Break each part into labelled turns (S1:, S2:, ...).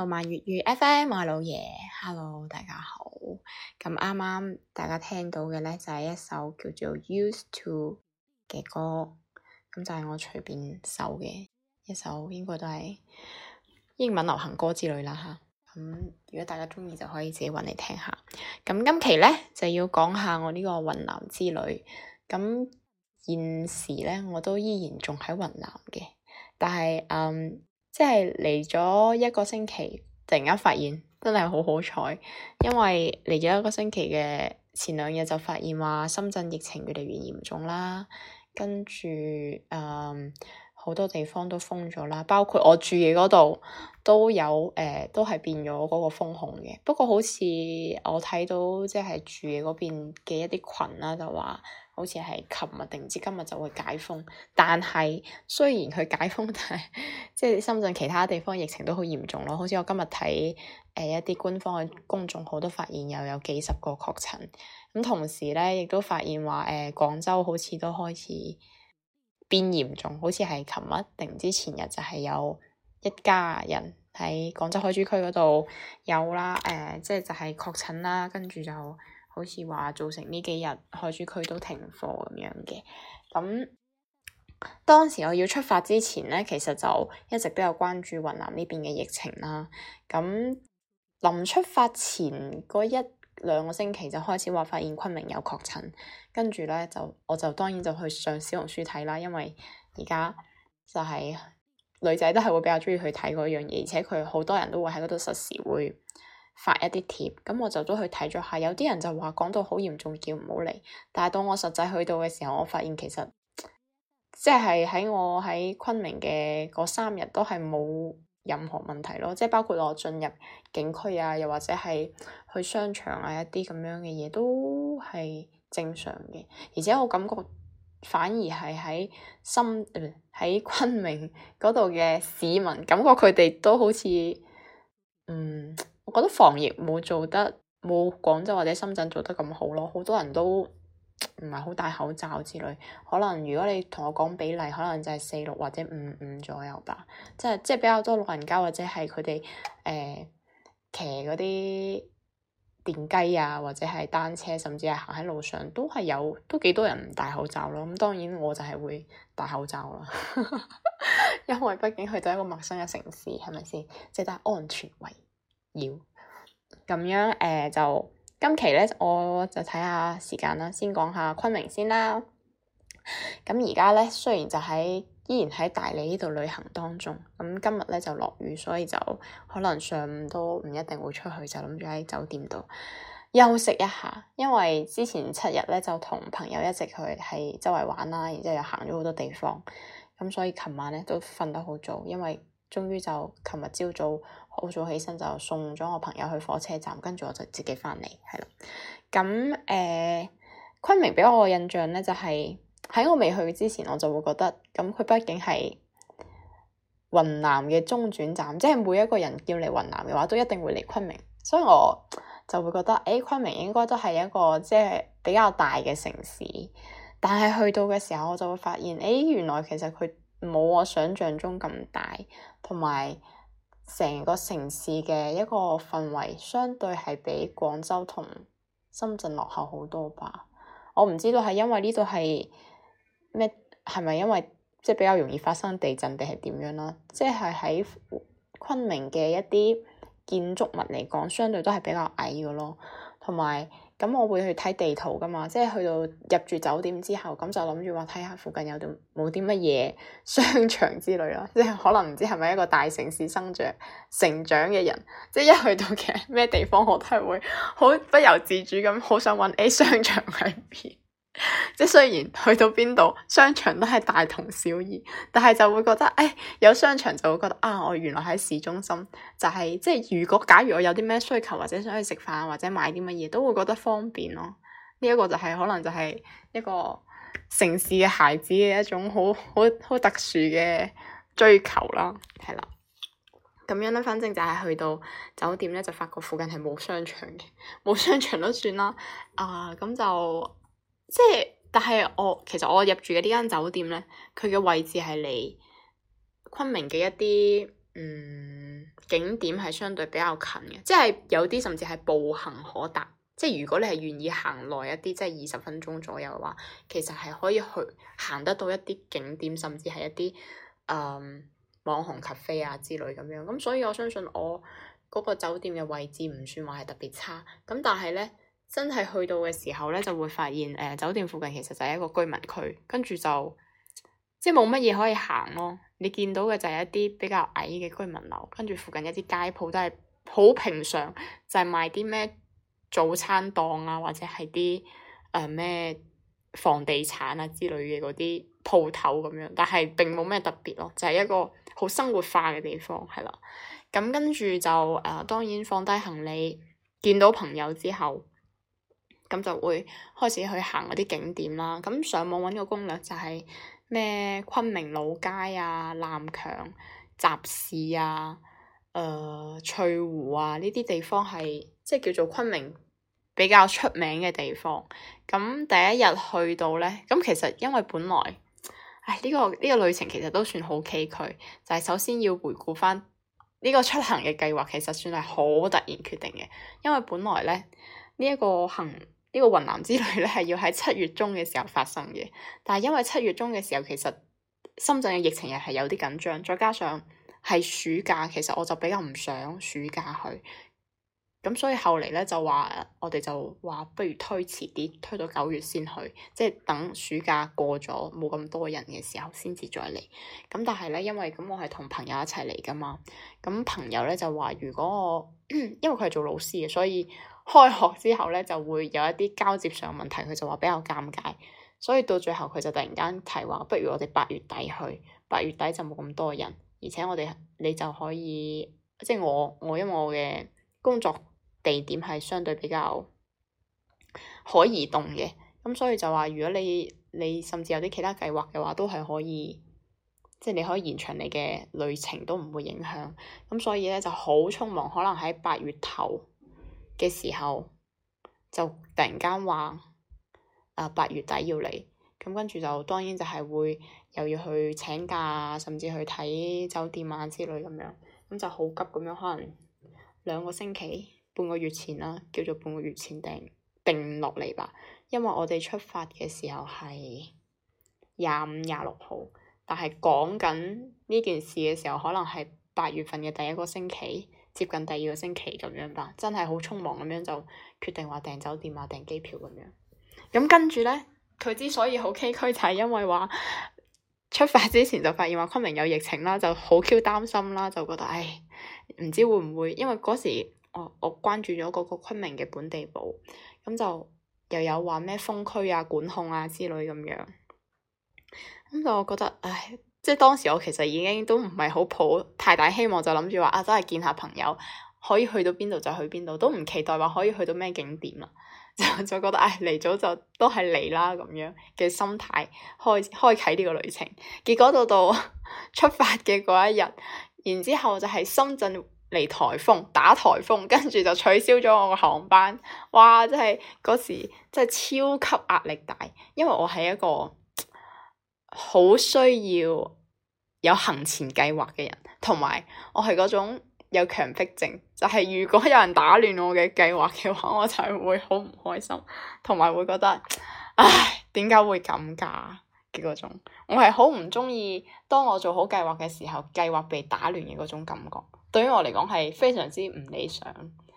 S1: M, 我咪粵語 FM，我係老爺，hello，大家好。咁啱啱大家聽到嘅咧，就係、是、一首叫做《Used to》嘅歌，咁就係我隨便搜嘅一首，應該都係英文流行歌之類啦吓。咁如果大家中意就可以自己揾嚟聽下。咁今期咧就要講下我呢個雲南之旅。咁現時咧我都依然仲喺雲南嘅，但係，嗯。即係嚟咗一個星期，突然間發現真係好好彩，因為嚟咗一個星期嘅前兩日就發現話深圳疫情越嚟越嚴重啦，跟住誒好多地方都封咗啦，包括我住嘅嗰度都有誒、呃、都係變咗嗰個封控嘅，不過好似我睇到即係住嘅嗰邊嘅一啲群啦、啊、就話。好似係琴日定唔知今日就會解封，但係雖然佢解封，但係即係深圳其他地方疫情都好嚴重咯。好似我今日睇誒一啲官方嘅公眾號都發現又有幾十個確診，咁同時咧亦都發現話誒、呃、廣州好似都開始變嚴重，好似係琴日定唔知前日就係有一家人喺廣州海珠區嗰度有啦，誒即係就係、是、確診啦，跟住就。好似話造成呢幾日海珠區都停課咁樣嘅，咁當時我要出發之前咧，其實就一直都有關注雲南呢邊嘅疫情啦。咁臨出發前嗰一兩個星期就開始話發現昆明有確診，跟住咧就我就當然就去上小紅書睇啦，因為而家就係女仔都係會比較中意去睇嗰樣嘢，而且佢好多人都會喺嗰度實時會。發一啲貼，咁我就都去睇咗下，有啲人就話講到好嚴重，叫唔好嚟。但係當我實際去到嘅時候，我發現其實即係喺我喺昆明嘅嗰三日都係冇任何問題咯，即係包括我進入景區啊，又或者係去商場啊一啲咁樣嘅嘢都係正常嘅。而且我感覺反而係喺深喺、呃、昆明嗰度嘅市民，感覺佢哋都好似嗯。我覺得防疫冇做得冇廣州或者深圳做得咁好咯，好多人都唔係好戴口罩之類。可能如果你同我講比例，可能就係四六或者五五左右吧。即係即係比較多老人家或者係佢哋誒騎嗰啲電雞啊，或者係單車，甚至係行喺路上都係有都幾多人唔戴口罩咯。咁、嗯、當然我就係會戴口罩啦， 因為畢竟去到一個陌生嘅城市，係咪先？即係安全位。要咁樣誒、呃，就今期咧，我就睇下時間啦，先講下昆明先啦。咁而家咧，雖然就喺依然喺大理呢度旅行當中，咁、嗯、今日咧就落雨，所以就可能上午都唔一定會出去，就諗住喺酒店度休息一下。因為之前七日咧就同朋友一直去喺周圍玩啦，然之後又行咗好多地方，咁、嗯、所以琴晚咧都瞓得好早，因為終於就琴日朝早。好早起身就送咗我朋友去火車站，跟住我就自己翻嚟，係咯。咁誒、呃，昆明畀我嘅印象咧，就係、是、喺我未去之前，我就會覺得咁佢畢竟係雲南嘅中轉站，即、就、係、是、每一個人叫嚟雲南嘅話，都一定會嚟昆明，所以我就會覺得，誒、欸，昆明應該都係一個即係、就是、比較大嘅城市。但係去到嘅時候，我就會發現，誒、欸，原來其實佢冇我想象中咁大，同埋。成個城市嘅一個氛圍，相對係比廣州同深圳落後好多吧？我唔知道係因為呢度係咩，係咪因為即比較容易發生地震定係點樣啦？即係喺昆明嘅一啲建築物嚟講，相對都係比較矮嘅咯，同埋。咁我會去睇地圖噶嘛，即係去到入住酒店之後，咁就諗住話睇下附近有冇啲乜嘢商場之類咯，即係可能唔知係咪一個大城市生長成長嘅人，即係一去到其實咩地方我都係會好不由自主咁好想揾啲商場喺邊。即係雖然去到邊度商場都係大同小異，但係就會覺得誒有商場就會覺得啊，我原來喺市中心就係、係、即係。如果假如我有啲咩需求，或者想去食飯，或者買啲乜嘢，都會覺得方便咯。呢、呢、一個就係、係、可能就係一個城市嘅孩子嘅一種好好好特殊嘅追求啦。係啦，咁樣咧，反正就係去到酒店咧，就發覺附近係冇商場嘅，冇商場都算啦。啊，咁就。即係，但係我其實我入住嘅呢間酒店咧，佢嘅位置係離昆明嘅一啲嗯景點係相對比較近嘅，即係有啲甚至係步行可達。即係如果你係願意行耐一啲，即係二十分鐘左右嘅話，其實係可以去行得到一啲景點，甚至係一啲誒、嗯、網紅 cafe 啊之類咁樣。咁所以我相信我嗰、嗰個酒店嘅位置唔算話係特別差。咁但係咧。真係去到嘅時候咧，就會發現誒，酒店附近其實就係一個居民區，跟住就即係冇乜嘢可以行咯。你見到嘅就係一啲比較矮嘅居民樓，跟住附近一啲街鋪都係好平常，就係賣啲咩早餐檔啊，或者係啲誒咩房地產啊之類嘅嗰啲鋪頭咁樣，但係並冇咩特別咯，就係一個好生活化嘅地方係啦。咁跟住就誒，當然放低行李，見到朋友之後。咁就會開始去行嗰啲景點啦。咁上網揾個攻略就係咩昆明老街啊、南強集市啊、誒、呃、翠湖啊呢啲地方係即係叫做昆明比較出名嘅地方。咁第一日去到呢，咁其實因為本來，誒呢、呢個呢、呢個旅程其實都算好崎嶇，就係、係、首先要回顧翻呢個出行嘅計劃，其實算係好突然決定嘅，因為本來呢，呢、呢、一個行。呢個雲南之旅咧，係要喺七月中嘅時候發生嘅，但係因為七月中嘅時候其實深圳嘅疫情又係有啲緊張，再加上係暑假，其實我就比較唔想暑假去，咁所以後嚟咧就話我哋就話不如推遲啲，推到九月先去，即係等暑假過咗冇咁多人嘅時候先至再嚟。咁但係咧，因為咁我係同朋友一齊嚟㗎嘛，咁朋友咧就話如果我因為佢係做老師嘅，所以。開學之後呢，就會有一啲交接上問題，佢就話比較尷尬，所以到最後佢就突然間提話，不如我哋八月底去，八月底就冇咁多人，而且我哋你就可以，即係我我因為我嘅工作地點係相對比較可移動嘅，咁所以就話如果你你甚至有啲其他計劃嘅話，都係可以，即係你可以延長你嘅旅程都唔會影響，咁所以呢就好匆忙，可能喺八月頭。嘅時候，就突然間話啊八月底要嚟，咁跟住就當然就係會又要去請假啊，甚至去睇酒店啊之類咁樣，咁就好急咁樣，可能兩個星期、半個月前啦，叫做半個月前定定落嚟吧。因為我哋出發嘅時候係廿五、廿六號，但係講緊呢件事嘅時候，可能係八月份嘅第一個星期。接近第二個星期咁樣吧，真係好匆忙咁樣就決定話訂酒店啊、訂機票咁樣。咁跟住咧，佢之所以好崎嶇，就係因為話出發之前就發現話昆明有疫情啦，就好 Q 擔心啦，就覺得唉，唔知會唔會？因為嗰時我，我關注咗嗰個昆明嘅本地報，咁就又有話咩封區啊、管控啊之類咁樣。咁就我覺得唉。即係當時我其實已經都唔係好抱太大希望，就諗住話啊，真係見下朋友，可以去到邊度就去邊度，都唔期待話可以去到咩景點就就、哎、就啦。就再覺得唉，嚟咗就都係嚟啦，咁樣嘅心態開開啟呢個旅程。結果到到 出發嘅嗰一日，然之後就係深圳嚟颱風打颱風，跟住就取消咗我嘅航班。哇！真係嗰時真係超級壓力大，因為我係一個好需要有行前計劃嘅人，同埋我係嗰種有強迫症，就係如果有人打亂我嘅計劃嘅話，我就會好唔開心，同埋會覺得，唉，點解會咁噶？嘅嗰種，我係好唔中意當我做好計劃嘅時候，計劃被打亂嘅嗰種感覺，對於我嚟講係非常之唔理想。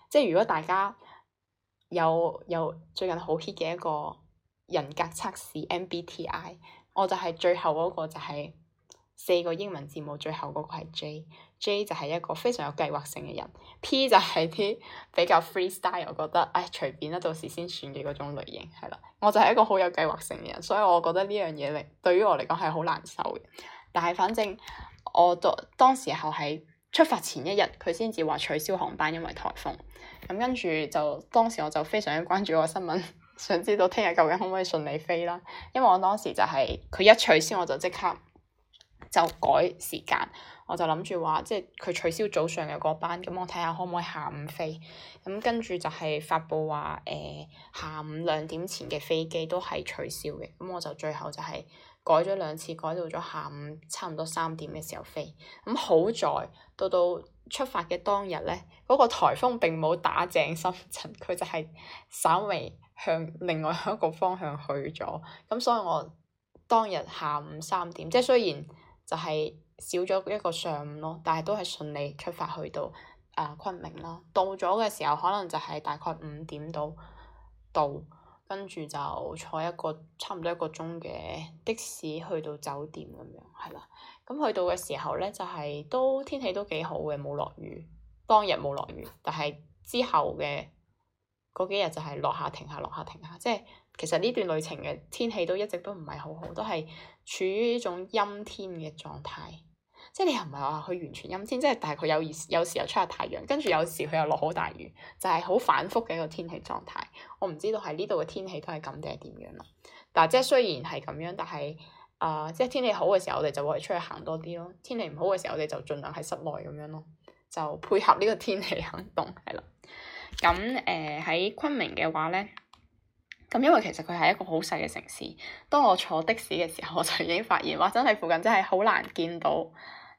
S1: 即係如果大家有有最近好 hit 嘅一個人格測試 MBTI。我就係最後嗰個，就係四個英文字母最後嗰個係 J，J 就係一個非常有計劃性嘅人，P 就係啲比較 free style，我覺得唉隨便啦，到時先算嘅嗰種類型，係啦。我就係一個好有計劃性嘅人，所以我覺得呢樣嘢嚟對於我嚟講係好難受嘅。但係反正我當當時候係出發前一日，佢先至話取消航班，因為颱風。咁跟住就當時我就非常之關注個新聞。想知道聽日究竟可唔可以順利飛啦？因為我當時就係、是、佢一取消我就即刻就改時間，我就諗住話即係佢取消早上嘅嗰班，咁我睇下可唔可以下午飛，咁、嗯、跟住就係發佈話誒下午兩點前嘅飛機都係取消嘅，咁、嗯、我就最後就係、是。改咗兩次，改到咗下午差唔多三點嘅時候飛。咁好在到到出發嘅當日咧，嗰、那個颱風並冇打正深圳，佢就係稍微向另外一個方向去咗。咁所以我當日下午三點，即係雖然就係少咗一個上午咯，但係都係順利出發去到啊、呃、昆明啦。到咗嘅時候，可能就係大概五點到到。跟住就坐一個差唔多一個鐘嘅的，的士去到酒店咁樣，係啦。咁去到嘅時候咧，就係、係、都天氣都幾好嘅，冇落雨。當日冇落雨，但係之後嘅嗰幾日就係落下停下落下，下，下停下，即係其實呢段旅程嘅天氣都一直都唔係好好，都係處於一種陰天嘅狀態。即係你又唔係話佢完全陰天，即係但係佢有時有時又出下太陽，跟住有時佢又落好大雨，就係、是、好反覆嘅一個天氣狀態。我唔知道喺呢度嘅天氣都係咁定係點樣啦。但係即係雖然係咁樣，但係啊、呃，即係天氣好嘅時候，我哋就會出去行多啲咯；天氣唔好嘅時候，我哋就盡量喺室內咁樣咯，就配合呢個天氣行動係啦。咁誒喺昆明嘅話咧，咁因為其實佢係一個好細嘅城市。當我坐的士嘅時候，我就已經發現話真係附近真係好難見到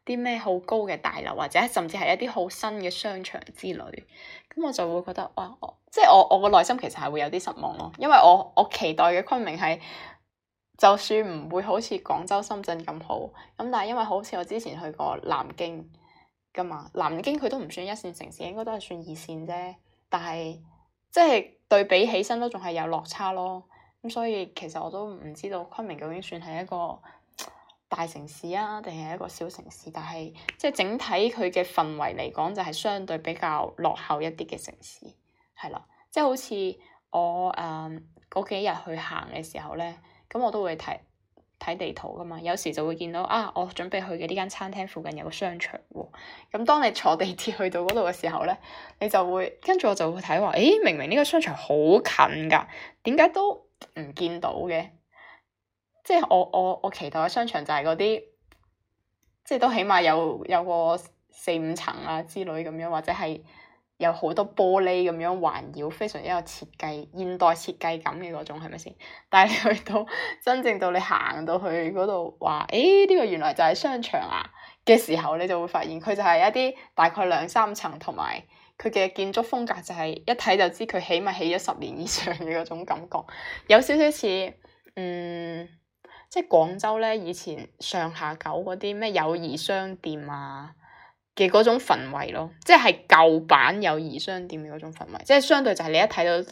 S1: 啲咩好高嘅大樓，或者甚至係一啲好新嘅商場之類，咁我就會覺得哇！我即係我我個內心其實係會有啲失望咯，因為我我期待嘅昆明係就算唔會好似廣州、深圳咁好，咁但係因為好似我之前去過南京㗎嘛，南京佢都唔算一線城市，應該都係算二線啫，但係即係對比起身都仲係有落差咯。咁所以其實我都唔知道昆明究竟算係一個大城市啊，定係一個小城市，但係即係整體佢嘅氛圍嚟講，就係、是、相對比較落後一啲嘅城市，係啦。即係好似我誒嗰、嗯、幾日去行嘅時候咧，咁我都會睇睇地圖噶嘛，有時就會見到啊，我準備去嘅呢間餐廳附近有個商場喎、啊。咁當你坐地鐵去到嗰度嘅時候咧，你就會跟住我就會睇話，誒、欸、明明呢個商場好近噶，點解都唔見到嘅？即係我我我期待嘅商場就係嗰啲，即係都起碼有有個四五層啊之類咁樣，或者係有好多玻璃咁樣環繞，非常之有設計現代設計感嘅嗰種係咪先？但係你去到真正到你行到去嗰度話，誒呢個原來就係商場啊嘅時候，你就會發現佢就係一啲大概兩三層同埋佢嘅建築風格就係一睇就知佢起碼起咗十年以上嘅嗰種感覺，有少少似嗯。即係廣州咧，以前上下九嗰啲咩友誼商店啊嘅嗰種氛圍咯，即係舊版友誼商店嘅嗰種氛圍，即係相對就係你一睇到，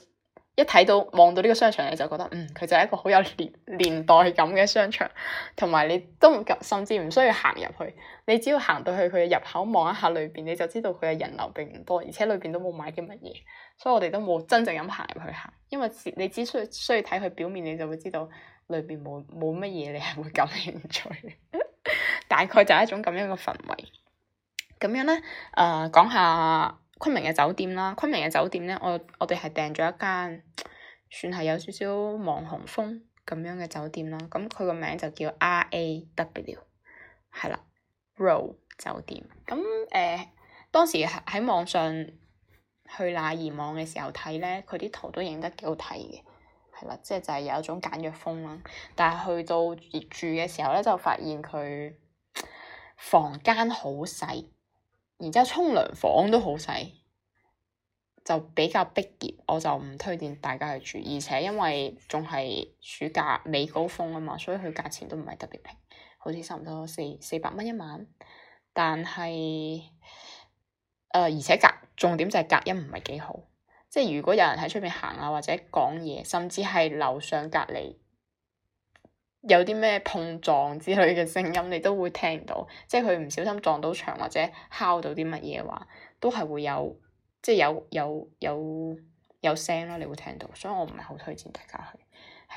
S1: 一睇到望到呢個商場，你就覺得嗯，佢就係一個好有年年代感嘅商場。同埋你都甚至唔需要行入去，你只要行到去佢嘅入口望一下裏邊，你就知道佢嘅人流並唔多，而且裏邊都冇買啲乜嘢，所以我哋都冇真正咁行入去行，因為你只需要需要睇佢表面，你就會知道。裏邊冇冇乜嘢，你係會感興趣？ 大概就係一種咁樣嘅氛圍。咁樣咧，誒、呃，講下昆明嘅酒店啦。昆明嘅酒店咧，我我哋係訂咗一間，算係有少少網紅風咁樣嘅酒店啦。咁佢個名就叫 R A W，係啦，Row 酒店。咁、嗯、誒、呃，當時喺網上去哪兒網嘅時候睇咧，佢啲圖都影得幾好睇嘅。嗱，即係就係有一種簡約風啦。但係去到住嘅時候咧，就發現佢房間好細，然之後沖涼房都好細，就比較逼傑。我就唔推薦大家去住。而且因為仲係暑假未高峰啊嘛，所以佢價錢都唔係特別平，好似差唔多四四百蚊一晚。但係誒、呃、而且隔重點就係隔音唔係幾好。即係如果有人喺出面行啊，或者講嘢，甚至係樓上隔離有啲咩碰撞之類嘅聲音，你都會聽到。即係佢唔小心撞到牆或者敲到啲乜嘢話，都係會有，即係有有有有聲咯、啊，你會聽到。所以我唔係好推薦大家去，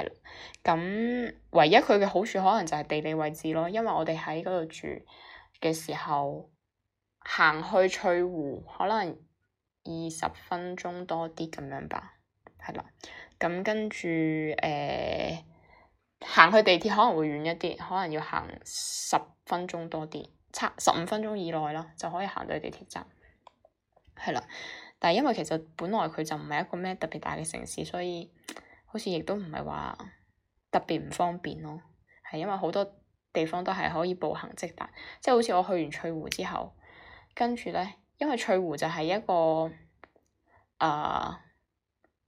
S1: 係咯。咁唯一佢嘅好處可能就係地理位置咯，因為我哋喺嗰度住嘅時候，行去翠湖可能二十分鐘多啲咁樣吧，係啦。咁跟住誒，行、呃、去地鐵可能會遠一啲，可能要行十分鐘多啲，差十五分鐘以內啦，就可以行到去地鐵站。係啦，但係因為其實本來佢就唔係一個咩特別大嘅城市，所以好似亦都唔係話特別唔方便咯。係因為好多地方都係可以步行即達，即、就、係、是、好似我去完翠湖之後，跟住咧。因為翠湖就係一個，誒、呃，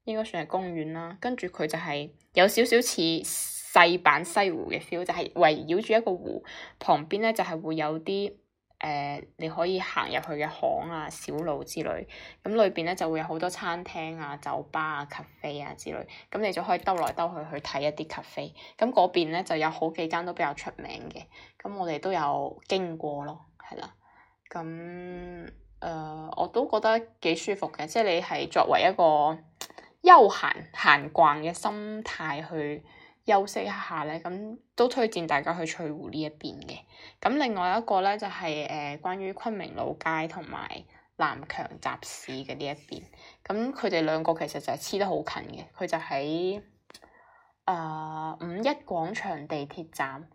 S1: 應該算係公園啦。跟住佢就係有少少似細版西湖嘅 feel，就係圍繞住一個湖，旁邊咧就係會有啲誒、呃，你可以行入去嘅巷啊、小路之類。咁裏邊咧就會有好多餐廳啊、酒吧啊、cafe 啊之類。咁你就可以兜來兜去去睇一啲 cafe。咁嗰邊咧就有好幾間都比較出名嘅。咁我哋都有經過咯，係啦。咁。誒，uh, 我都覺得幾舒服嘅，即係你係作為一個休閒閒逛嘅心態去休息一下咧，咁都推薦大家去翠湖呢一邊嘅。咁另外一個咧就係、是、誒、呃，關於昆明老街同埋南強集市嘅呢一邊，咁佢哋兩個其實就係黐得好近嘅，佢就喺誒、呃、五一廣場地鐵站。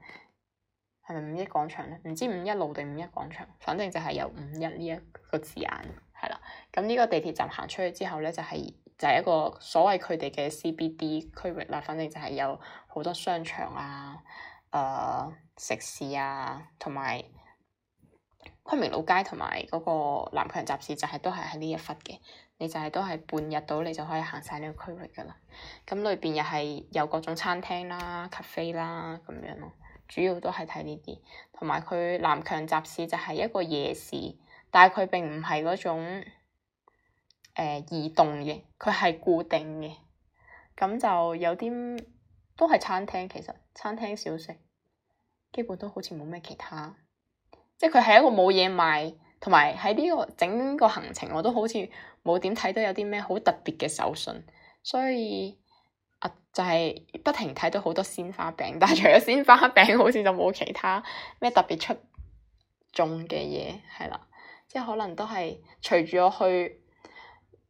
S1: 五一廣場咧，唔知五一路定五一廣場，反正就係有五一呢一個字眼，係啦。咁呢個地鐵站行出去之後咧，就係、是、就係、是、一個所謂佢哋嘅 CBD 區域啦。反正就係有好多商場啊、誒、呃、食肆啊，同埋昆明老街同埋嗰個南強集市，就係都係喺呢一忽嘅。你就係都係半日到，你就可以行晒呢個區域噶啦。咁裏邊又係有各種餐廳啦、啊、cafe 啦咁樣咯。主要都係睇呢啲，同埋佢南強集市就係一個夜市，但係佢並唔係嗰種誒、呃、移動嘅，佢係固定嘅。咁就有啲都係餐廳，其實餐廳小食，基本都好似冇咩其他。即係佢係一個冇嘢賣，同埋喺呢個整個行程我都好似冇點睇到有啲咩好特別嘅手信，所以。就係不停睇到好多鮮花餅，但係除咗鮮花餅，好似就冇其他咩特別出眾嘅嘢，係啦。即、就、係、係、可能都係隨住我去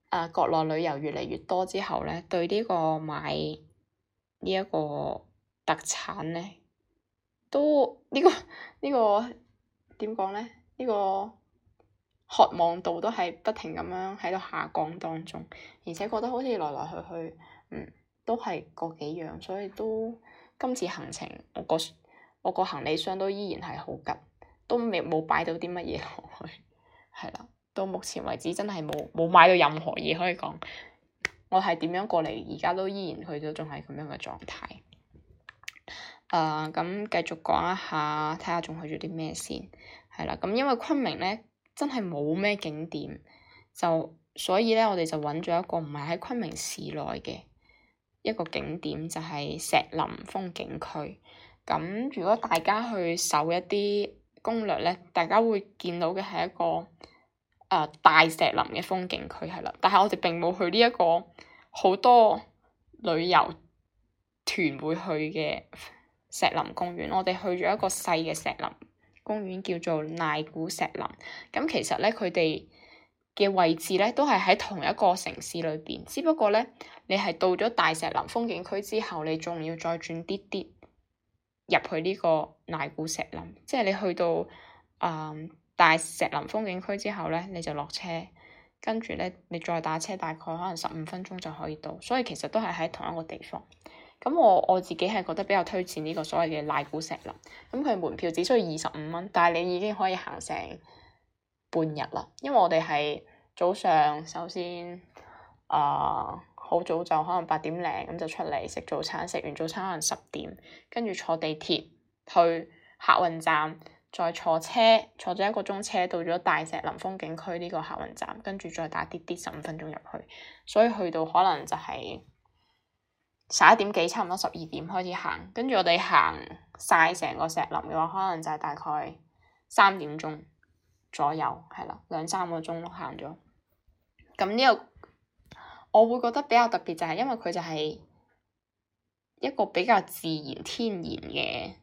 S1: 啊、呃、國內旅遊越嚟越多之後咧，對呢個買呢一個特產咧，都、呢個呢個、呢個呢個點講咧？呢、呢個渴望度都係不停咁樣喺度下降當中，而且覺得好似來來去去，嗯。都係嗰幾樣，所以都今次行程我個我個行李箱都依然係好吉，都未冇擺到啲乜嘢落去，係 啦。到目前為止真係冇冇買到任何嘢可以講，我係點樣過嚟而家都依然去咗，仲係咁樣嘅狀態。誒，咁繼續講一下，睇下仲去咗啲咩先，係啦。咁因為昆明咧真係冇咩景點，就所以咧我哋就揾咗一個唔係喺昆明市內嘅。一個景點就係石林風景區，咁如果大家去搜一啲攻略咧，大家會見到嘅係一個，誒、呃、大石林嘅風景區係啦，但係我哋並冇去呢一個好多旅遊團會去嘅石林公園，我哋去咗一個細嘅石林公園，叫做乃古石林，咁其實咧佢哋嘅位置咧，都係喺同一個城市裏邊，只不過咧，你係到咗大石林風景區之後，你仲要再轉啲啲入去呢個乃古石林，即係你去到啊、嗯、大石林風景區之後咧，你就落車，跟住咧你再打車，大概可能十五分鐘就可以到，所以其實都係喺同一個地方。咁我我自己係覺得比較推薦呢個所謂嘅乃古石林，咁佢門票只需要二十五蚊，但係你已經可以行成。半日啦，因為我哋係早上首先，啊、呃，好早就可能八點零咁就出嚟食早餐，食完早餐可能十點，跟住坐地鐵去客運站，再坐車坐咗一個鐘車到咗大石林風景區呢個客運站，跟住再打滴滴十五分鐘入去，所以去到可能就係十一點幾，差唔多十二點開始行，跟住我哋行晒成個石林嘅話，可能就係大概三點鐘。左右，係啦，兩三個鐘咯，行咗。咁呢個我會覺得比較特別就係，因為佢就係一個比較自然天然嘅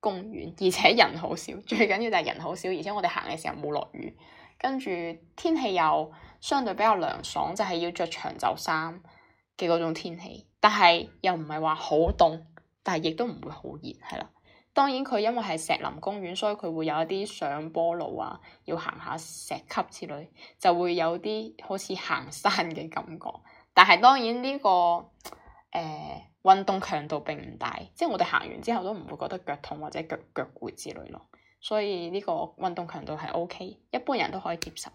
S1: 公園，而且人好少，最緊要就係人好少，而且我哋行嘅時候冇落雨，跟住天氣又相對比較涼爽，就係要着長袖衫嘅嗰種天氣，但係又唔係話好凍，但係亦都唔會好熱，係啦。當然佢因為係石林公園，所以佢會有一啲上坡路啊，要行下石級之類，就會有啲好似行山嘅感覺。但係當然呢個誒、呃、運動強度並唔大，即係我哋行完之後都唔會覺得腳痛或者腳腳攰之類咯。所以呢個運動強度係 OK，一般人都可以接受，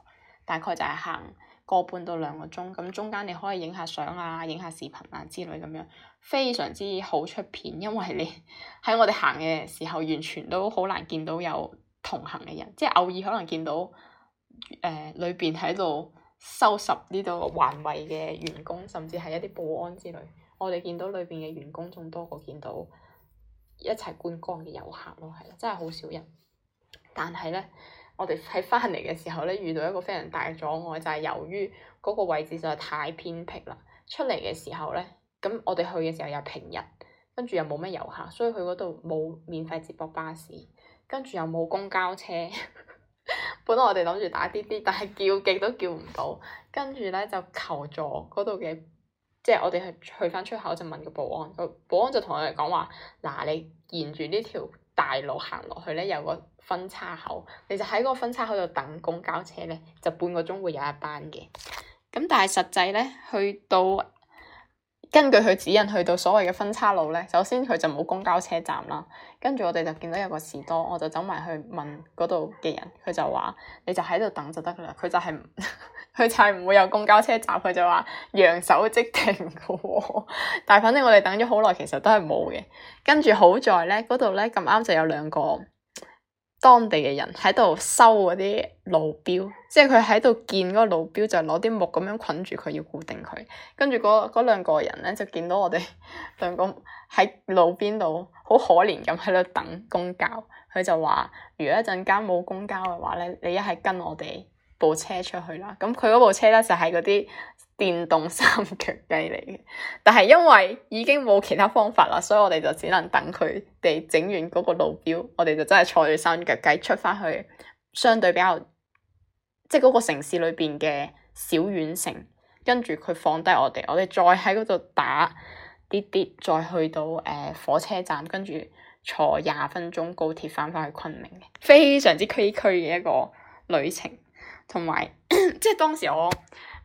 S1: 大概就係行。個半到兩個鐘，咁中間你可以影下相啊、影下視頻啊之類咁樣，非常之好出片，因為你喺我哋行嘅時候，完全都好難見到有同行嘅人，即係偶爾可能見到誒裏邊喺度收拾呢度環衞嘅員工，甚至係一啲保安之類。我哋見到裏邊嘅員工仲多過見到一齊觀光嘅遊客咯，係啦，真係好少人。但係咧。我哋喺翻嚟嘅時候咧，遇到一個非常大嘅阻礙，就係、是、由於嗰個位置就係太偏僻啦。出嚟嘅時候咧，咁我哋去嘅時候又平日，跟住又冇咩遊客，所以去嗰度冇免費接駁巴士，跟住又冇公交車。 本來我哋諗住打滴滴，但係叫極都叫唔到。跟住咧就求助嗰度嘅，即、就、係、是、我哋係去翻出口就問個保安，個保安就同我哋講話：嗱，你沿住呢條大路行落去咧，有個。分叉口，你就喺嗰個分叉口度等公交車咧，就半個鐘會有一班嘅。咁但係實際咧，去到根據佢指引去到所謂嘅分叉路咧，首先佢就冇公交車站啦。跟住我哋就見到有個士多，我就走埋去問嗰度嘅人，佢就話，你就喺度等就得噶啦。佢就係佢 就係唔會有公交車站，佢就話揚手即停嘅，哦。但係反正我哋等咗好耐，其實都係冇嘅。跟住好在咧，嗰度咧咁啱就有兩個。當地嘅人喺度收嗰啲路標，即係佢喺度見嗰路標，就攞啲木咁樣捆住佢，要固定佢。跟住嗰嗰兩個人咧，就見到我哋兩個喺路邊度好可憐咁喺度等公交，佢就話：如果一陣間冇公交嘅話咧，你一係跟我哋部車出去啦。咁佢嗰部車咧就係嗰啲電動三腳雞嚟嘅，但係因為已經冇其他方法啦，所以我哋就只能等佢哋整完嗰個路標，我哋就真係坐住三腳雞出翻去相對比較即係嗰個城市裏邊嘅小縣城，跟住佢放低我哋，我哋再喺嗰度打滴滴，再去到誒、呃、火車站，跟住坐廿分鐘高鐵翻翻去昆明，非常之崎嶇嘅一個旅程，同埋 即係當時我。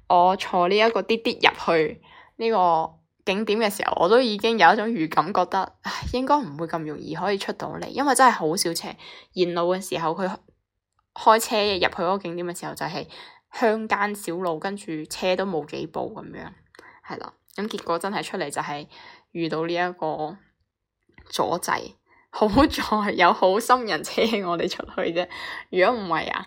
S1: 我坐呢一個滴滴入去呢個景點嘅時候，我都已經有一種預感，覺得應該唔會咁容易可以出到嚟，因為真係好少車。沿路嘅時候佢開車入去嗰個景點嘅時候就係鄉間小路，跟住車都冇幾部咁樣，係啦。咁結果真係出嚟就係遇到呢一個阻滯，好在有好心人車我哋出去啫。如果唔係啊，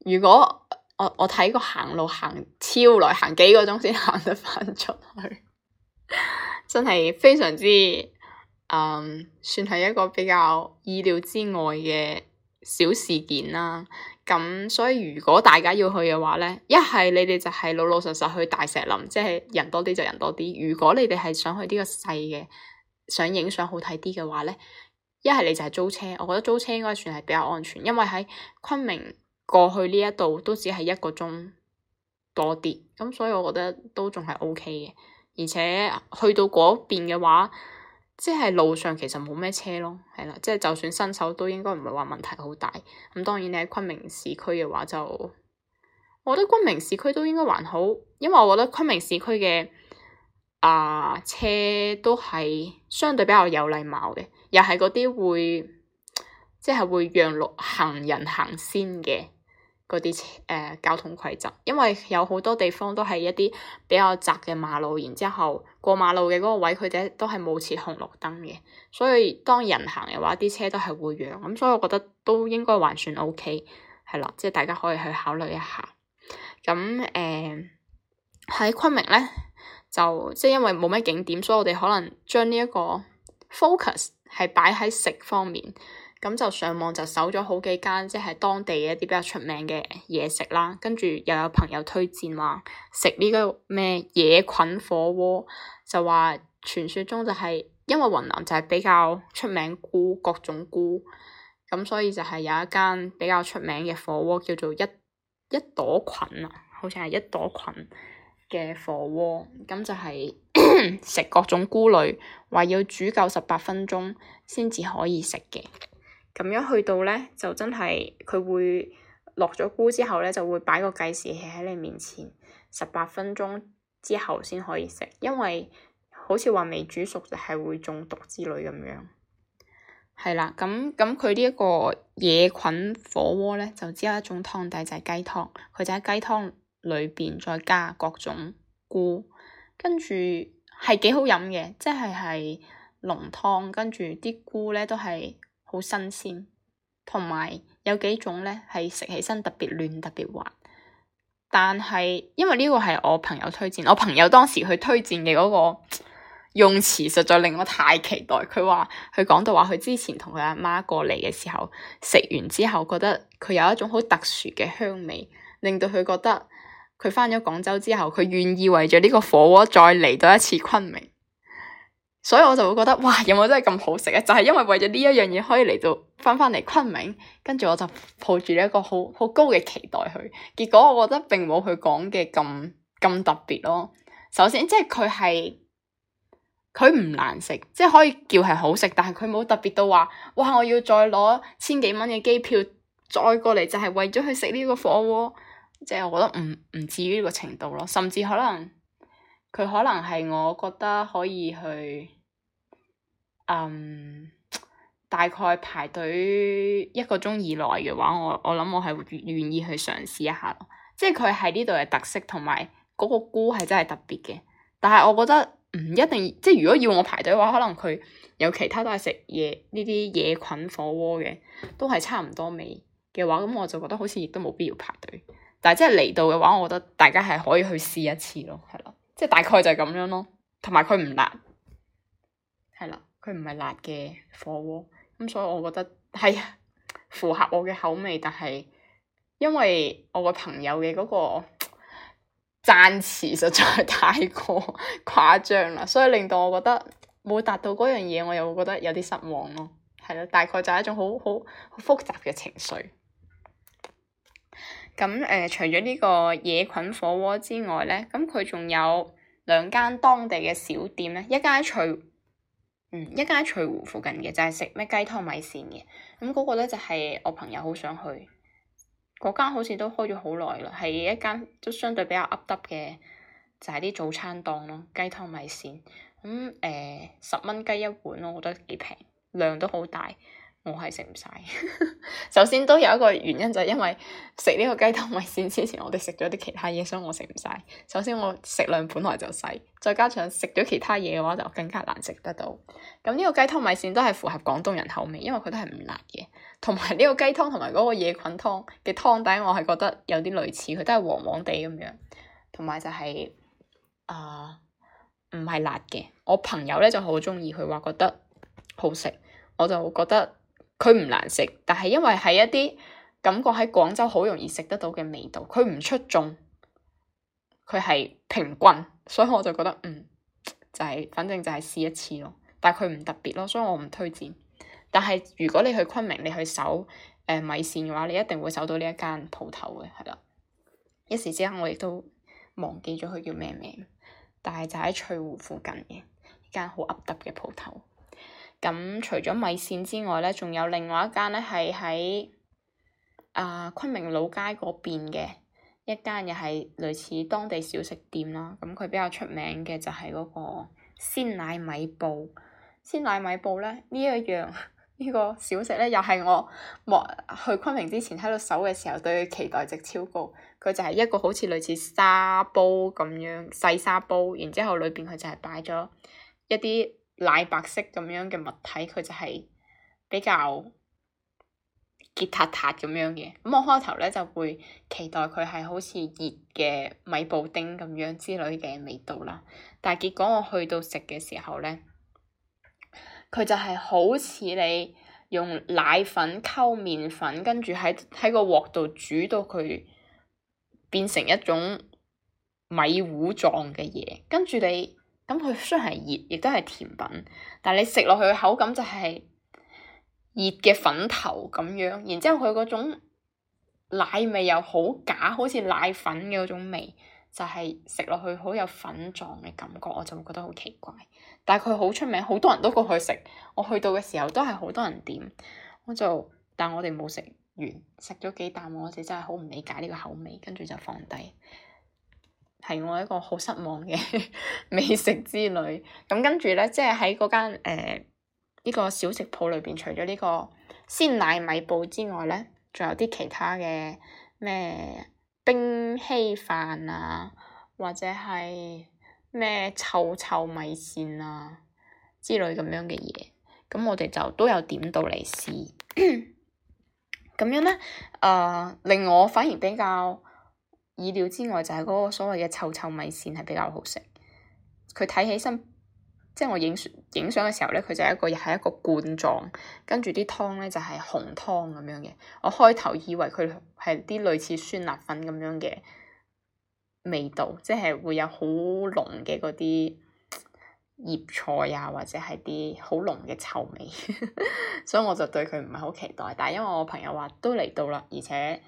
S1: 如果。我我睇個行路行超耐，行幾個鐘先行得翻出去， 真係非常之、嗯、算係一個比較意料之外嘅小事件啦。咁所以如果大家要去嘅話咧，一係你哋就係老老實實去大石林，即係人多啲就人多啲。如果你哋係想去呢個細嘅，想影相好睇啲嘅話咧，一係你就係租車。我覺得租車應該算係比較安全，因為喺昆明，過去呢一度都只係一個鐘多啲，咁所以我覺得都仲係 OK 嘅，而且去到嗰邊嘅話，即係路上其實冇咩車咯，係啦，即係就算新手都應該唔係話問題好大，咁當然你喺昆明市區嘅話就，我覺得昆明市區都應該還好，因為我覺得昆明市區嘅啊車都係相對比較有禮貌嘅，又係嗰啲會，即係會讓路行人行先嘅。嗰啲誒交通規則，因為有好多地方都係一啲比較窄嘅馬路，然之後過馬路嘅嗰個位佢哋都係冇設紅綠燈嘅，所以當人行嘅話，啲車都係會讓，咁所以我覺得都應該還算 OK，係啦，即係大家可以去考慮一下。咁誒喺昆明咧，就即係因為冇乜景點，所以我哋可能將呢一個 focus 係擺喺食方面。咁就上網就搜咗好幾間，即係當地一啲比較出名嘅嘢食啦。跟住又有朋友推薦話食呢個咩野菌火鍋，就話傳説中就係因為雲南就係比較出名菇、各種菇，咁所以就係有一間比較出名嘅火鍋叫做一一朵菌啊，好似係一朵菌嘅火鍋。咁就係 食各種菇類，話要煮夠十八分鐘先至可以食嘅。咁樣去到咧，就真係佢會落咗菇之後咧，就會擺個計時器喺你面前，十八分鐘之後先可以食，因為好似話未煮熟就係會中毒之類咁樣。係啦，咁咁佢呢一個野菌火鍋咧，就只有一種湯底，就係雞湯，佢就喺雞湯裏邊再加各種菇，跟住係幾好飲嘅，即係係濃湯，跟住啲菇咧都係，好新鮮，同埋有，有幾種呢係食起身特別嫩，特別滑。但係因為呢個係我朋友推薦，我朋友當時佢推薦嘅嗰個用詞，實在令我太期待。佢話佢講到話，佢之前同佢阿媽過嚟嘅時候，食完之後覺得佢有一種好特殊嘅香味，令到佢覺得佢翻咗廣州之後，佢願意為咗呢個火鍋再嚟到一次昆明。所以我就會覺得，哇，有冇真係咁好食咧？就係因為為咗呢一樣嘢，可以嚟到翻返嚟昆明，跟住我就抱住一個好好高嘅期待去。結果我覺得並冇佢講嘅咁咁特別咯。首先，即係佢係佢唔難食，即係可以叫係好食，但係佢冇特別到話，哇！我要再攞千幾蚊嘅機票再過嚟，就係為咗去食呢個火鍋，即係我覺得唔唔至於呢個程度咯。甚至可能佢可能係我覺得可以去。嗯，um, 大概排隊一個鐘以內嘅話，我我諗我係願意去嘗試一下咯。即係佢喺呢度嘅特色同埋嗰個菇係真係特別嘅。但係我覺得唔一定，即係如果要我排隊嘅話，可能佢有其他都係食嘢呢啲嘢菌火鍋嘅，都係差唔多味嘅話，咁我就覺得好似亦都冇必要排隊。但係即係嚟到嘅話，我覺得大家係可以去試一次咯，係啦。即係大概就係咁樣咯，同埋佢唔辣，係啦。佢唔係辣嘅火鍋，咁所以我覺得係、哎、符合我嘅口味，但係因為我個朋友嘅嗰、嗰個讚詞實在太過誇張啦，所以令到我覺得冇達到嗰樣嘢，我又會覺得有啲失望咯。係咯，大概就係一種好好好複雜嘅情緒。咁誒、呃，除咗呢個野菌火鍋之外咧，咁佢仲有兩間當地嘅小店咧，一間除。嗯，一間喺翠湖附近嘅就係食咩雞湯米線嘅，咁、嗯、嗰、那個咧就係、是、我朋友好想去，嗰、那、間、個、好似都開咗好耐啦，係一間都相對比較噏噏嘅，就係、是、啲早餐檔咯，雞湯米線，咁、嗯、誒、呃、十蚊雞一碗咯，我覺得幾平，量都好大。我係食唔晒，首先都有一個原因就係因為食呢個雞湯米線之前，我哋食咗啲其他嘢，所以我食唔晒。首先我食量本來就細，再加上食咗其他嘢嘅話，就更加難食得到。咁呢個雞湯米線都係符合廣東人口味，因為佢都係唔辣嘅，同埋呢個雞湯同埋嗰個野菌湯嘅湯底，我係覺得有啲類似，佢都係黃黃地咁樣，同埋就係啊唔係辣嘅。我朋友呢就好鍾意，佢話覺得好食，我就覺得。佢唔難食，但係因為係一啲感覺喺廣州好容易食得到嘅味道，佢唔出眾，佢係平均，所以我就覺得嗯，就係、是、反正就係試一次咯。但係佢唔特別咯，所以我唔推薦。但係如果你去昆明，你去搜誒、呃、米線嘅話，你一定會搜到呢一間鋪頭嘅，係啦。一時之間我亦都忘記咗佢叫咩名，但係就喺翠湖附近嘅一間好凹凸嘅鋪頭。咁、嗯、除咗米線之外咧，仲有另外一間咧，係喺啊昆明老街嗰邊嘅一間，又係類似當地小食店咯。咁、嗯、佢比較出名嘅就係嗰個鮮奶米布。鮮奶米布咧，呢一樣呢 個小食咧，又係我莫去昆明之前喺度搜嘅時候對佢期待值超高。佢就係一個好似類似沙煲咁樣細沙煲，然之後裏邊佢就係擺咗一啲。奶白色咁樣嘅物體，佢就係比較杰塔塔咁樣嘅。咁、嗯、我開頭咧就會期待佢係好似熱嘅米布丁咁樣之類嘅味道啦。但係結果我去到食嘅時候咧，佢就係好似你用奶粉溝麵粉，跟住喺喺個鑊度煮到佢變成一種米糊狀嘅嘢，跟住你。咁佢雖然係熱，亦都係甜品，但係你食落去嘅口感就係熱嘅粉頭咁樣，然之後佢嗰種奶味又好假，好似奶粉嘅嗰種味，就係食落去好有粉狀嘅感覺，我就會覺得好奇怪。但係佢好出名，好多人都過去食。我去到嘅時候都係好多人點，我就，但我哋冇食完，食咗幾啖我哋真係好唔理解呢個口味，跟住就放低。係我一個好失望嘅美食之旅，咁跟住咧，即係喺嗰間誒呢個小食鋪裏邊，除咗呢個鮮奶米布之外咧，仲有啲其他嘅咩冰稀飯啊，或者係咩臭臭米線啊之類咁樣嘅嘢，咁我哋就都有點到嚟試，咁 樣咧，誒、呃、令我反而比較。意料之外，就係嗰個所謂嘅臭臭米線係比較好食。佢睇起身，即係我影相嘅時候咧，佢就係一個又係一個罐狀，跟住啲湯咧就係、是、紅湯咁樣嘅。我開頭以為佢係啲類似酸辣粉咁樣嘅味道，即係會有好濃嘅嗰啲醃菜啊，或者係啲好濃嘅臭味， 所以我就對佢唔係好期待。但係因為我朋友話都嚟到啦，而且。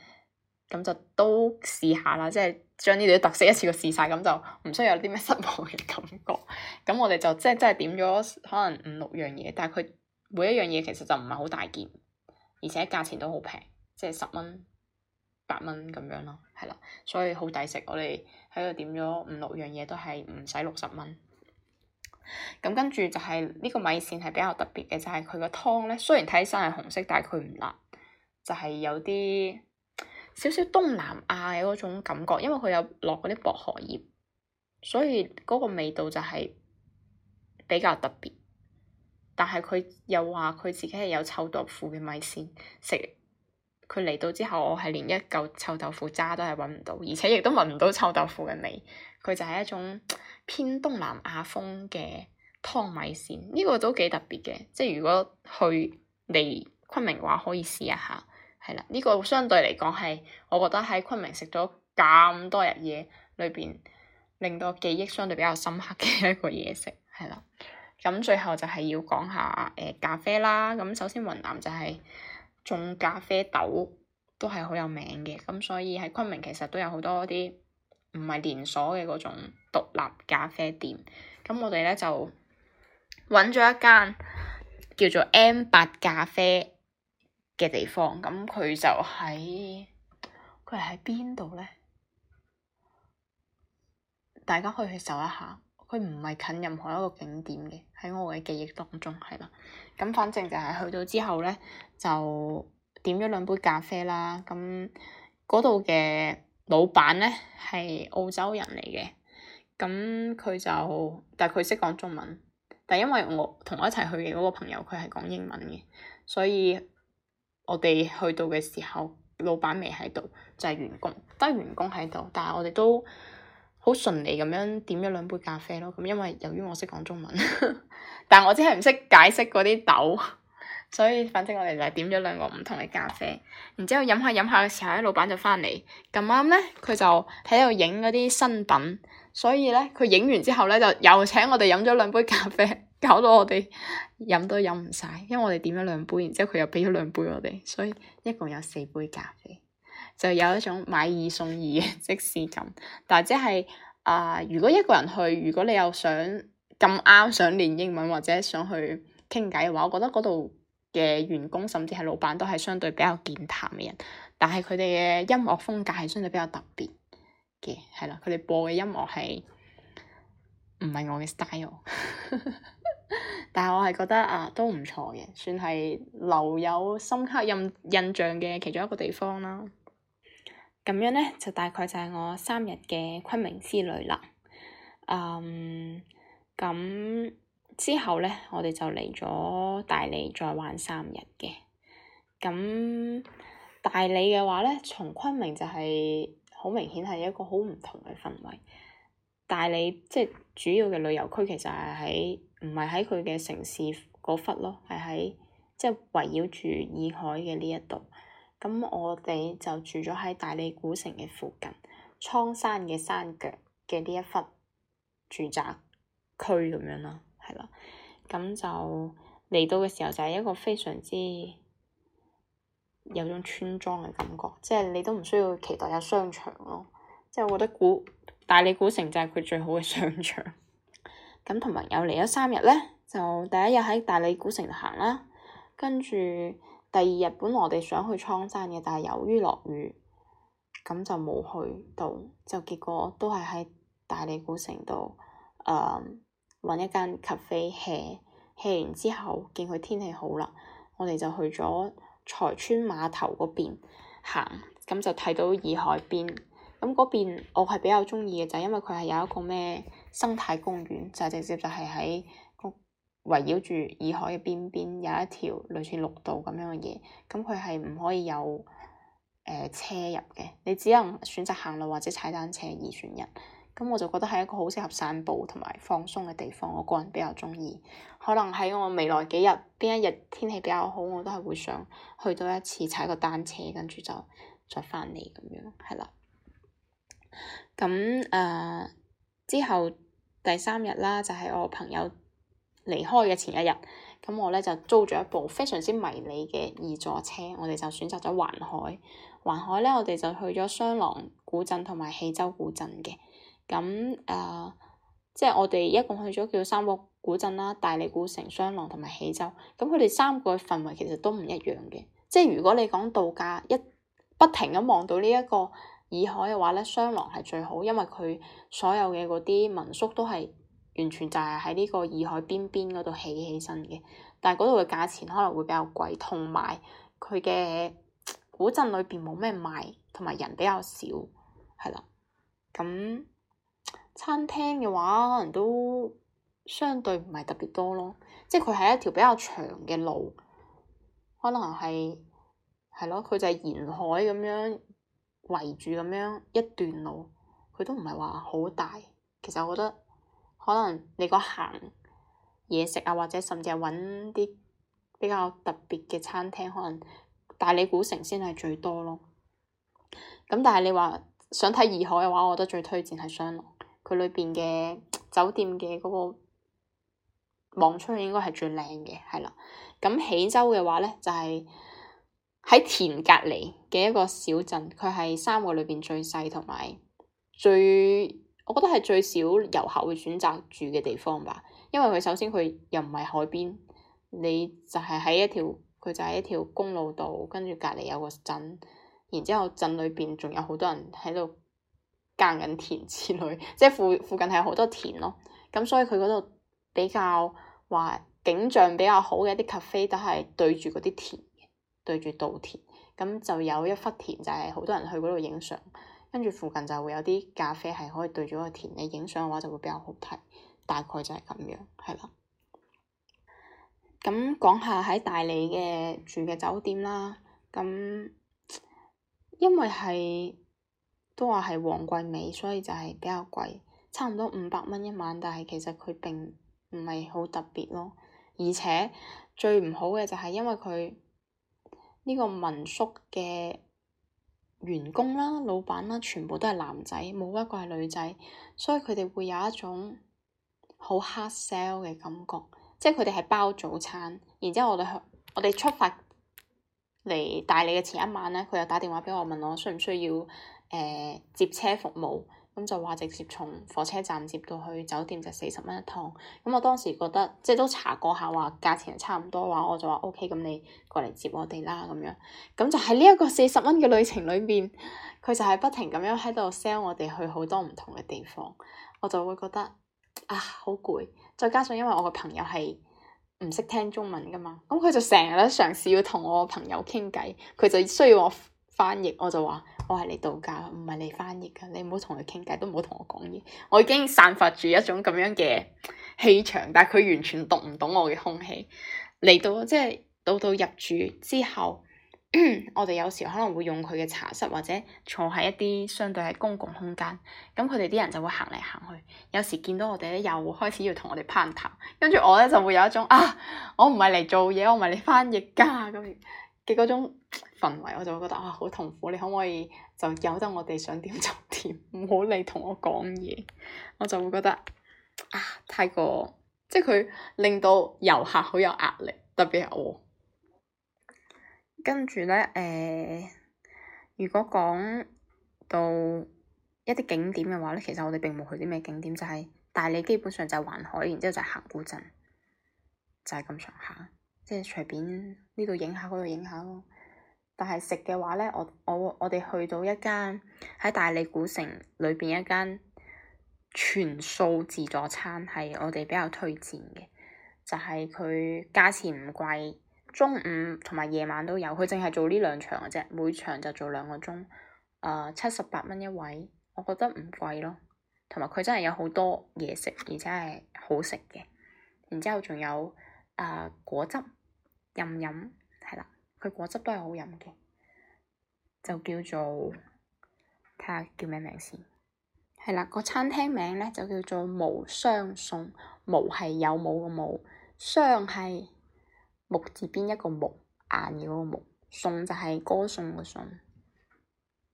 S1: 咁就都試下啦，即係將呢啲特色一次過試晒，咁就唔需要有啲咩失望嘅感覺。咁 我哋就即係即係點咗可能五六樣嘢，但係佢每一樣嘢其實就唔係好大件，而且價錢都好平，即係十蚊、八蚊咁樣咯，係啦。所以好抵食，我哋喺度點咗五六樣嘢都係唔使六十蚊。咁跟住就係呢個米線係比較特別嘅，就係佢個湯咧，雖然睇起身係紅色，但係佢唔辣，就係有啲。少少東南亞嘅嗰種感覺，因為佢有落嗰啲薄荷葉，所以嗰個味道就係比較特別。但係佢又話佢自己係有臭豆腐嘅米線食，佢嚟到之後，我係連一嚿臭豆腐渣都係揾唔到，而且亦都聞唔到臭豆腐嘅味。佢就係一種偏東南亞風嘅湯米線，呢個都幾特別嘅。即係如果去嚟昆明嘅話，可以試一下。係啦，呢個相對嚟講係，我覺得喺昆明食咗咁多日嘢，裏邊令到記憶相對比較深刻嘅一個嘢食，係啦。咁最後就係要講下誒、呃、咖啡啦。咁首先雲南就係種咖啡豆都係好有名嘅，咁所以喺昆明其實都有好多啲唔係連鎖嘅嗰種獨立咖啡店。咁我哋咧就揾咗一間叫做 M 八咖啡。嘅地方，咁佢就喺佢喺邊度咧？大家可以去搜一下。佢唔係近任何一個景點嘅，喺我嘅記憶當中係啦。咁反正就係、是、去到之後咧，就點咗兩杯咖啡啦。咁嗰度嘅老闆咧係澳洲人嚟嘅。咁佢就，但係佢識講中文，但係因為我同我一齊去嘅嗰個朋友佢係講英文嘅，所以。我哋去到嘅時候，老闆未喺度，就係、是、員工，得員工喺度，但係我哋都好順利咁樣點咗兩杯咖啡咯。咁因為由於我識講中文，呵呵，但我真係唔識解釋嗰啲豆，所以反正我哋就係點咗兩個唔同嘅咖啡。然之後飲下飲下嘅時候，咧老闆就翻嚟，咁啱咧佢就喺度影嗰啲新品，所以咧佢影完之後咧就又請我哋飲咗兩杯咖啡。搞到我哋飲都飲唔晒，因為我哋點咗兩杯，然之後佢又畀咗兩杯我哋，所以一共有四杯咖啡，就有一種買二送二嘅即時感。但係即係啊，如果一個人去，如果你又想咁啱想練英文或者想去傾偈嘅話，我覺得嗰度嘅員工甚至係老闆都係相對比較健談嘅人，但係佢哋嘅音樂風格係相對比較特別嘅，係啦，佢哋播嘅音樂係唔係我嘅 style。 但係我係覺得啊，都唔錯嘅，算係留有深刻印印象嘅其中一個地方啦。咁樣呢，就大概就係我三日嘅昆明之旅啦。嗯，咁之後呢，我哋就嚟咗大理再玩三日嘅。咁大理嘅話呢，從昆明就係好明顯係一個好唔同嘅氛圍。大理即係主要嘅旅遊區，其實係喺，唔係喺佢嘅城市嗰忽咯，係喺即係圍繞住洱海嘅呢一度，咁我哋就住咗喺大理古城嘅附近，蒼山嘅山腳嘅呢一忽住宅區咁樣咯，係啦，咁就嚟到嘅時候就係一個非常之有種村莊嘅感覺，即係你都唔需要期待有商場咯，即係我覺得古大理古城就係佢最好嘅商場。咁同朋友嚟咗三日咧，就第一日喺大理古城行啦，跟住第二日本來我哋想去蒼山嘅，但係由於落雨，咁就冇去到，就結果都係喺大理古城度，誒、嗯，揾一間咖啡 hea，hea 完之後見佢天氣好啦，我哋就去咗才村碼頭嗰邊行，咁就睇到洱海邊，咁嗰邊我係比較中意嘅，就係因為佢係有一個咩？生態公園就係、直接就係喺個圍繞住洱海嘅邊邊有一條類似綠道咁樣嘅嘢，咁佢係唔可以有誒、呃、車入嘅，你只能選擇行路或者踩單車二選一。咁我就覺得係一個好適合散步同埋放鬆嘅地方，我個人比較中意。可能喺我未來幾日邊一日天氣比較好，我都係會想去多一次踩個單車，跟住就再翻嚟咁樣，係啦。咁誒、呃、之後。第三日啦，就係、是、我朋友離開嘅前一日，咁我咧就租咗一部非常之迷你嘅二座車，我哋就選擇咗環海。環海咧，我哋就去咗雙廊古鎮同埋喜洲古鎮嘅。咁誒、呃，即係我哋一共去咗叫三個古鎮啦，大理古城、雙廊同埋喜洲。咁佢哋三個嘅氛圍其實都唔一樣嘅。即係如果你講度假，一不停咁望到呢、這、一個。洱海嘅話咧，雙廊係最好，因為佢所有嘅嗰啲民宿都係完全就係喺呢個洱海邊邊嗰度起起身嘅，但係嗰度嘅價錢可能會比較貴，同埋佢嘅古鎮裏邊冇咩賣，同埋人比較少，係啦，咁餐廳嘅話可能都相對唔係特別多咯，即係佢係一條比較長嘅路，可能係，係咯，佢就係沿海咁樣。圍住咁樣一段路，佢都唔係話好大。其實我覺得，可能你個行嘢食啊，或者甚至係揾啲比較特別嘅餐廳，可能大理古城先係最多咯。咁但係你話想睇洱海嘅話，我覺得最推薦係雙廊，佢裏邊嘅酒店嘅嗰、那個望出去應該係最靚嘅，係啦。咁喜洲嘅話呢，就係、是。喺田隔離嘅一個小鎮，佢係三個裏邊最細同埋最，我覺得係最少遊客會選擇住嘅地方吧。因為佢首先佢又唔係海邊，你就係喺一條，佢就係一條公路度，跟住隔離有個鎮，然之後鎮裏邊仲有好多人喺度耕緊田之類，即係附附近係好多田咯。咁所以佢嗰度比較話景象比較好嘅一啲 cafe 都係對住嗰啲田。對住稻田，咁就有一忽田，就係好多人去嗰度影相。跟住附近就會有啲咖啡，係可以對住嗰個田嚟影相嘅話，就會比較好睇。大概就係咁樣，係啦。咁講下喺大理嘅住嘅酒店啦。咁因為係都話係旺季尾，所以就係比較貴，差唔多五百蚊一晚。但係其實佢並唔係好特別咯。而且最唔好嘅就係因為佢。呢個民宿嘅員工啦、老闆啦，全部都係男仔，冇一個係女仔，所以佢哋會有一種好黑 sell 嘅感覺，即係佢哋係包早餐，然之後我哋我哋出發嚟大理嘅前一晚咧，佢又打電話俾我問我需唔需要誒、呃、接車服務。咁就話直接從火車站接到去酒店就四十蚊一趟。咁我當時覺得，即係都查過下話價錢差唔多嘅話，我就話 OK，咁你過嚟接我哋啦咁樣。咁就喺呢一個四十蚊嘅旅程裏面，佢就係不停咁樣喺度 sell 我哋去好多唔同嘅地方。我就會覺得啊，好攰。再加上因為我個朋友係唔識聽中文㗎嘛，咁佢就成日都嘗試要同我朋友傾偈，佢就需要我翻譯，我就話。我係嚟度假，唔係嚟翻譯㗎。你唔好同佢傾偈，都唔好同我講嘢。我已經散發住一種咁樣嘅氣場，但佢完全讀唔到我嘅空氣。嚟到即係到到入住之後，我哋有時可能會用佢嘅茶室或者坐喺一啲相對係公共空間。咁佢哋啲人就會行嚟行去，有時見到我哋咧又開始要同我哋攀談，跟住我咧就會有一種啊，我唔係嚟做嘢，我唔係嚟翻譯㗎咁。嘅嗰種氛圍，我就會覺得啊好痛苦，你可唔可以就由得我哋想點就點，唔好嚟同我講嘢，我就會覺得啊太過，即係佢令到遊客好有壓力，特別係我。跟住咧，誒、呃，如果講到一啲景點嘅話咧，其實我哋並冇去啲咩景點，就係大理基本上就係環海，然之後就係行古鎮，就係咁上下。即係隨便呢度影下嗰度影下咯，但係食嘅話咧，我我我哋去到一間喺大理古城裏邊一間全素自助餐，係我哋比較推薦嘅，就係佢價錢唔貴，中午同埋夜晚都有，佢淨係做呢兩場嘅啫，每場就做兩個鐘，誒七十八蚊一位，我覺得唔貴咯，同埋佢真係有好多嘢食，而且係好食嘅，然之後仲有誒果汁。任飲係啦，佢果汁都係好飲嘅，就叫做睇下叫咩名先。係啦，個餐廳名咧就叫做無雙餸，無係有冇個無，雙係木字邊一個木硬嘅個木，餸就係歌頌個頌，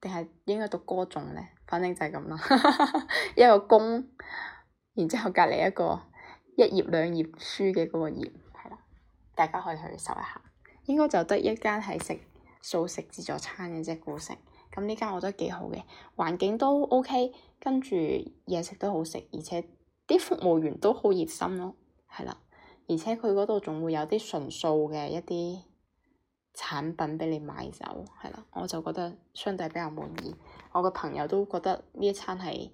S1: 定係應該讀歌頌咧？反正就係咁啦， 一個公，然之後隔離一個一頁兩頁書嘅嗰個頁。大家可以去搜一下，應該就得一間係食素食自助餐嘅啫。古城咁呢間，我覺得幾好嘅，環境都 OK，跟住嘢食都好食，而且啲服務員都好熱心咯，係啦。而且佢嗰度仲會有啲純素嘅一啲產品俾你買走，係啦。我就覺得相對比較滿意，我嘅朋友都覺得呢一餐係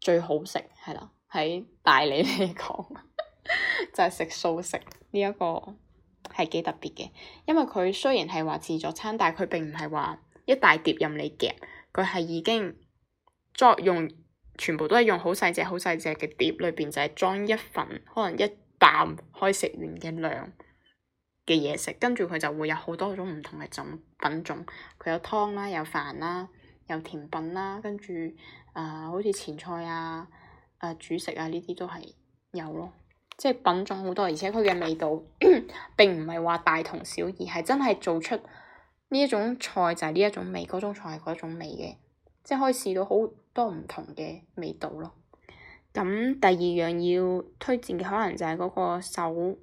S1: 最好食，係啦，喺大理嚟講 就係食素食呢一個。係幾特別嘅，因為佢雖然係話自助餐，但係佢並唔係話一大碟任你夾，佢係已經作用全部都係用好細隻好細隻嘅碟，裏邊就係裝一份可能一啖可以食完嘅量嘅嘢食，跟住佢就會有好多種唔同嘅品品種，佢有湯啦，有飯啦，有甜品啦，跟住啊，好似前菜啊、啊、呃、主食啊呢啲都係有咯。即係品種好多，而且佢嘅味道 並唔係話大同小異，係真係做出呢一種菜就係呢一種味，嗰種菜係嗰種味嘅，即係可以試到好多唔同嘅味道咯。咁第二樣要推薦嘅可能就係嗰個手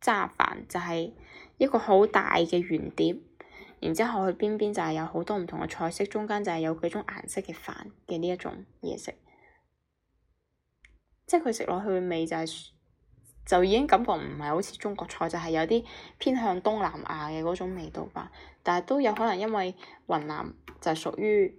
S1: 揸飯，就係、是、一個好大嘅圓碟，然之後去邊邊就係有好多唔同嘅菜式，中間就係有幾種顏色嘅飯嘅呢一種嘢食。即係佢食落去嘅味就係，就已經感覺唔係好似中國菜，就係有啲偏向東南亞嘅嗰種味道吧。但係都有可能因為雲南就係屬於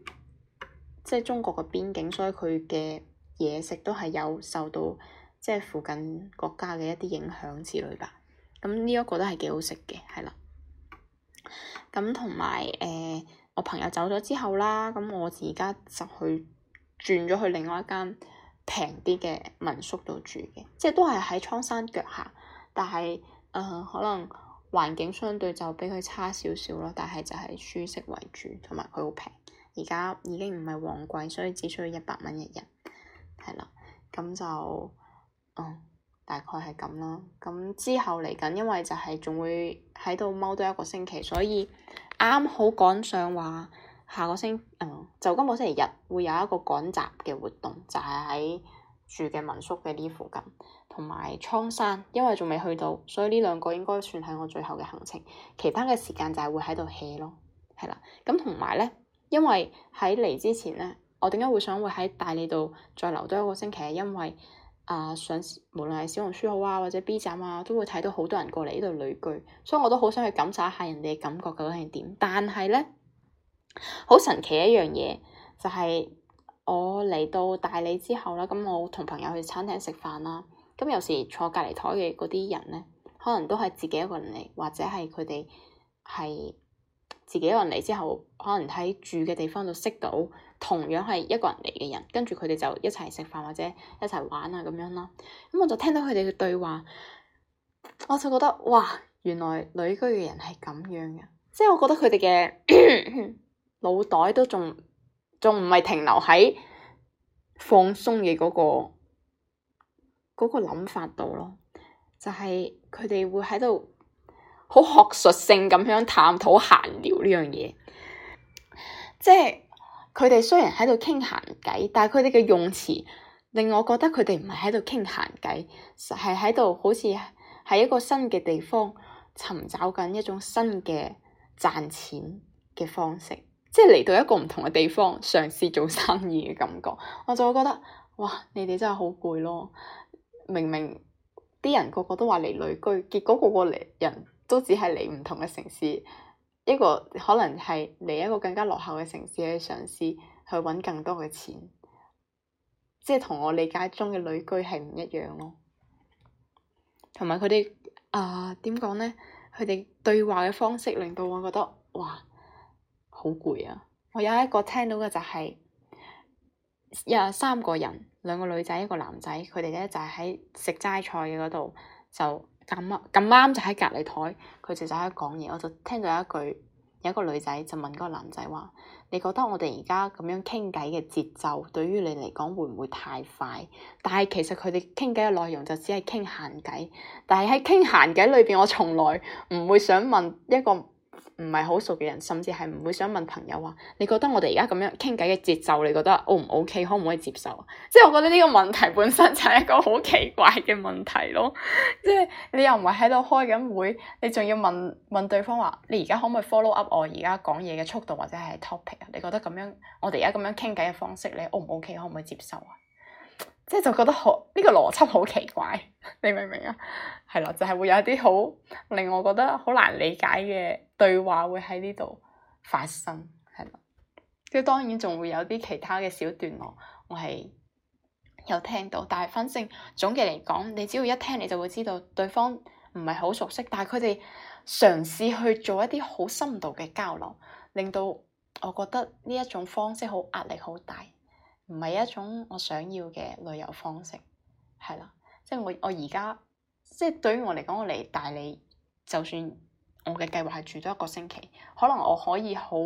S1: 即係中國嘅邊境，所以佢嘅嘢食都係有受到即係附近國家嘅一啲影響之類吧。咁呢一個都係幾好食嘅，係啦。咁同埋誒，我朋友走咗之後啦，咁我而家就去轉咗去另外一間平啲嘅民宿度住嘅，即係都係喺蒼山腳下，但係誒、呃、可能環境相對就比佢差少少咯，但係就係舒適為主，同埋佢好平。而家已經唔係旺季，所以只需要一百蚊一日，係啦，咁就嗯大概係咁啦。咁之後嚟緊，因為就係仲會喺度踎多一個星期，所以啱好趕上話。下個星嗯，就今個星期日會有一個趕集嘅活動，就係喺住嘅民宿嘅呢附近同埋蒼山，因為仲未去到，所以呢兩個應該算係我最後嘅行程。其他嘅時間就係會喺度 hea 咯，係啦。咁同埋咧，因為喺嚟之前咧，我點解會想會喺大理度再留多一個星期？係因為啊，想、呃、無論係小紅書好啊，或者 B 站啊，都會睇到好多人過嚟呢度旅居，所以我都好想去感受一下人哋嘅感覺究竟係點。但係咧。好神奇一樣嘢就係、是，我嚟到大理之後啦，咁我同朋友去餐廳食飯啦。咁有時坐隔籬台嘅嗰啲人咧，可能都係自己一個人嚟，或者係佢哋係自己一個人嚟之後，可能喺住嘅地方就識到同樣係一個人嚟嘅人，跟住佢哋就一齊食飯或者一齊玩啊咁樣啦。咁我就聽到佢哋嘅對話，我就覺得哇，原來旅居嘅人係咁樣嘅，即係我覺得佢哋嘅。 腦袋都仲仲唔係停留喺放鬆嘅嗰個嗰個諗法度咯，就係佢哋會喺度好學術性咁樣探討閒聊呢樣嘢，即係佢哋雖然喺度傾閒偈，但係佢哋嘅用詞令我覺得佢哋唔係喺度傾閒偈，實係喺度好似喺一個新嘅地方尋找緊一種新嘅賺錢嘅方式。即係嚟到一個唔同嘅地方嘗試做生意嘅感覺，我就會覺得哇，你哋真係好攰咯！明明啲人個個都話嚟旅居，結果個個嚟人都只係嚟唔同嘅城市，一個可能係嚟一個更加落後嘅城市去嘗試去揾更多嘅錢，即係同我理解中嘅旅居係唔一樣咯。同埋佢哋啊，點講咧？佢哋對話嘅方式令到我覺得哇！好攰啊！我有一個聽到嘅就係、是，有三個人，兩個女仔，一個男仔，佢哋咧就係喺食齋菜嘅嗰度就咁啱咁啱就喺隔籬台，佢就就喺度講嘢，我就聽到一句，有一個女仔就問嗰個男仔話：你覺得我哋而家咁樣傾偈嘅節奏對於你嚟講會唔會太快？但係其實佢哋傾偈嘅內容就只係傾閒偈，但係喺傾閒偈裏邊，我從來唔會想問一個。唔係好熟嘅人，甚至係唔會想問朋友話，你覺得我哋而家咁樣傾偈嘅節奏，你覺得 O 唔 O K，可唔可以接受啊？即係我覺得呢個問題本身就係一個好奇怪嘅問題咯。 即係你又唔係喺度開緊會，你仲要問問對方話，你而家可唔可以 follow up 我而家講嘢嘅速度或者係 topic 啊？你覺得咁樣，我哋而家咁樣傾偈嘅方式，你 O 唔 O K，可唔可,可,可以接受啊？即係就覺得好呢、這個邏輯好奇怪，你明唔明啊？係咯，就係、是、會有啲好令我覺得好難理解嘅對話會喺呢度發生，係咯。即係當然仲會有啲其他嘅小段落，我係有聽到，但係反正總結嚟講，你只要一聽，你就會知道對方唔係好熟悉，但係佢哋嘗試去做一啲好深度嘅交流，令到我覺得呢一種方式好壓力好大。唔係一種我想要嘅旅遊方式，係啦，即係我我而家即係對於我嚟講，我嚟大理就算我嘅計劃係住多一個星期，可能我可以好，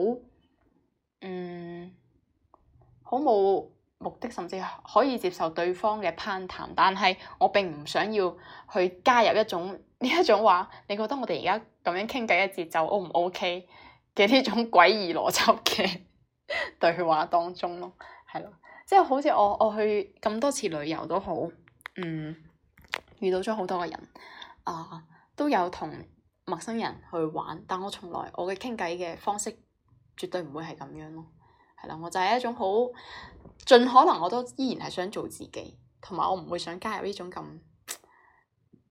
S1: 嗯，好冇目的，甚至可以接受對方嘅攀談，但係我並唔想要去加入一種呢一種話，你覺得我哋而家咁樣傾偈一節奏 O 唔 OK 嘅呢種詭異邏輯嘅對話當中咯，係咯。即係好似我我去咁多次旅遊都好，嗯，遇到咗好多個人啊，都有同陌生人去玩，但我從來我嘅傾偈嘅方式絕對唔會係咁樣咯，係啦，我就係一種好盡可能我都依然係想做自己，同埋我唔會想加入呢種咁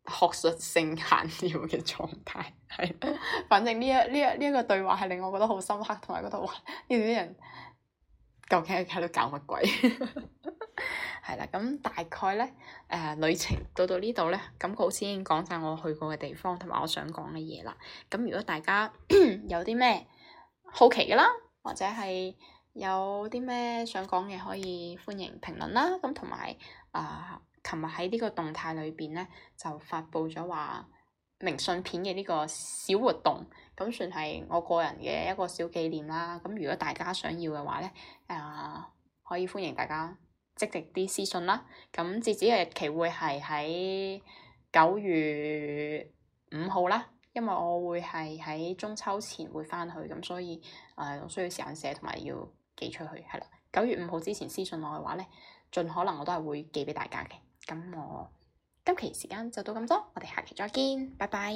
S1: 學術性緊要嘅狀態。係，反正呢一呢一呢一個對話係令我覺得好深刻，同埋覺得哇呢啲人，究竟喺度搞乜鬼？係 啦，咁大概咧，誒、呃、旅程到到呢度咧，咁我好似已經講晒我去過嘅地方同埋我想講嘅嘢啦。咁如果大家有啲咩好奇嘅啦，或者係有啲咩想講嘅，可以歡迎評論啦。咁同埋啊，琴日喺呢個動態裏邊咧，就發布咗話明信片嘅呢個小活動。咁算係我個人嘅一個小紀念啦。咁如果大家想要嘅話呢，誒、呃、可以歡迎大家積極啲私信啦。咁截止嘅日期會係喺九月五號啦，因為我會係喺中秋前會翻去，咁所以、呃、我需要時間寫同埋要寄出去。係啦，九月五號之前私信我嘅話呢，盡可能我都係會寄俾大家嘅。咁我今期時間就到咁多，我哋下期再見，拜拜。